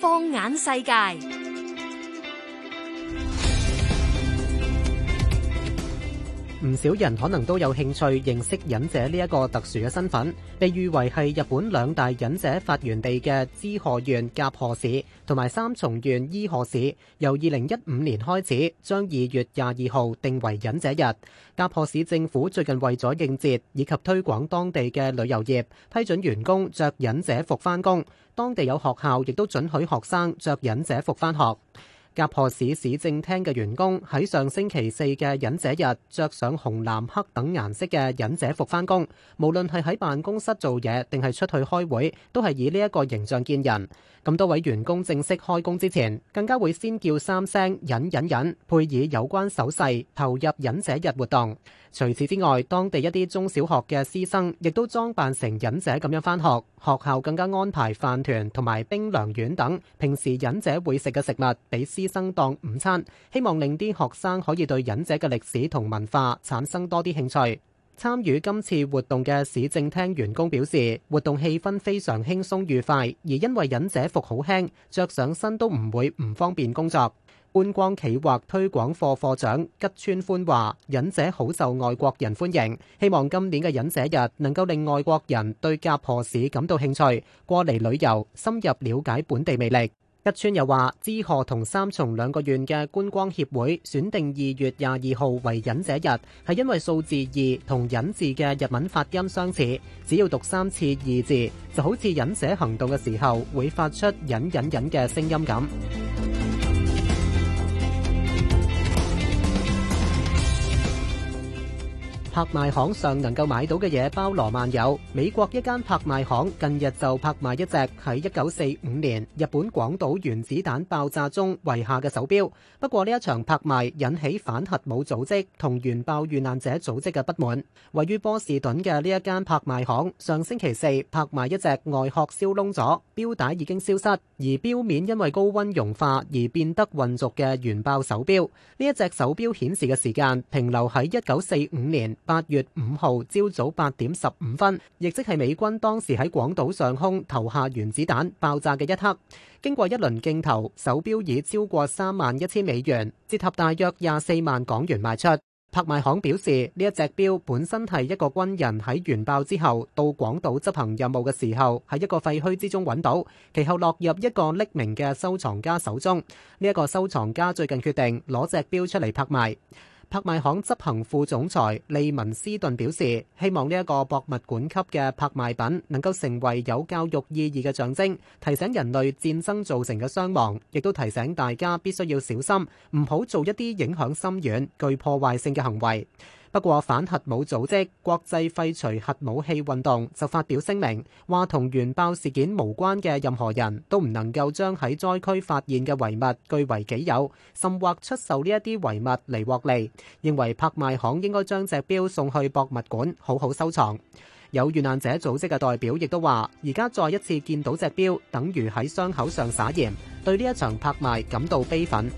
放眼世界。唔少人可能都有興趣認識忍者呢一個特殊嘅身份，被譽為係日本兩大忍者發源地嘅滋賀縣甲賀市同埋三重縣伊賀市，由二零一五年開始將二月廿二號定為忍者日。甲賀市政府最近為咗應節以及推廣當地嘅旅遊業，批准員工着忍者服返工，當地有學校亦都准許學生着忍者服返學。甲賀市市政廳嘅員工喺上星期四嘅忍者日，着上紅藍黑等顏色嘅忍者服返工，無論係喺辦公室做嘢定係出去開會都係以呢一個形象見人。咁多位員工正式開工之前，更加會先叫三聲忍忍忍，配以有關手勢投入忍者日活動，除此之外，當地一啲中小學嘅師生亦都裝扮成忍者咁樣返學，學校更加安排飯團同埋兵糧丸，丸等平時忍者會食嘅食物俾師。師生當午餐，希望令啲學生可以對忍者嘅歷史同文化產生多啲興趣。參與今次活動嘅市政廳員工表示，活動氣氛非常輕鬆愉快，而因為忍者服好輕，着上身都唔會唔方便工作。觀光企劃推廣課課長吉川寬話，忍者好受外國人歡迎，希望今年嘅忍者日能夠令外國人對甲賀市感到興趣，過嚟旅遊，深入了解本地魅力。吉村又話，滋賀同三重兩個縣嘅觀光協會選定二月廿二號為忍者日，係因為數字二同忍字嘅日文發音相似，只要讀三次二字，就好似忍者行動嘅時候會發出忍忍忍嘅聲音咁。拍賣行上能夠買到嘅嘢，包羅萬有。美國一間拍賣行近日就拍賣一隻喺一九四五年日本廣島原子彈爆炸中遺下嘅手錶。不過呢一場拍賣引起反核武組織同原爆遇難者組織嘅不滿。位於波士頓嘅呢一間拍賣行，上星期四拍賣一隻外殼燒窿咗，錶帶已經消失，而錶面因為高溫融化而變得渾濁嘅原爆手錶。呢一隻手錶顯示嘅時間停留喺一九四五年八月五號朝早八點十五分，亦即係美軍當時喺廣島上空投下原子彈爆炸嘅一刻。經過一輪競投，手錶已超過三萬一千美元，折合大約廿四萬港元賣出。拍賣行表示，呢一隻錶本身係一個軍人喺原爆之後到廣島執行任務嘅時候，喺一個廢墟之中揾到，其後落入一個匿名嘅收藏家手中。呢、這、一個收藏家最近決定攞隻錶出嚟拍賣。拍賣行執行副總裁利文斯頓表示，希望呢一個博物館級嘅拍賣品能夠成為有教育意義嘅象徵，提醒人類戰爭造成嘅傷亡，亦都提醒大家必須要小心，唔好做一啲影響深遠，具破壞性嘅行為。不過，反核武組織國際廢除核武器運動就發表聲明，話同原爆事件無關嘅任何人都唔能夠將喺災區發現嘅遺物據為己有，甚或出售呢一啲遺物嚟獲利。認為拍賣行應該將隻錶送去博物館好好收藏。有遇難者組織嘅代表亦都話，而家再一次見到隻錶，等於喺傷口上灑鹽，對呢一場拍賣感到悲憤。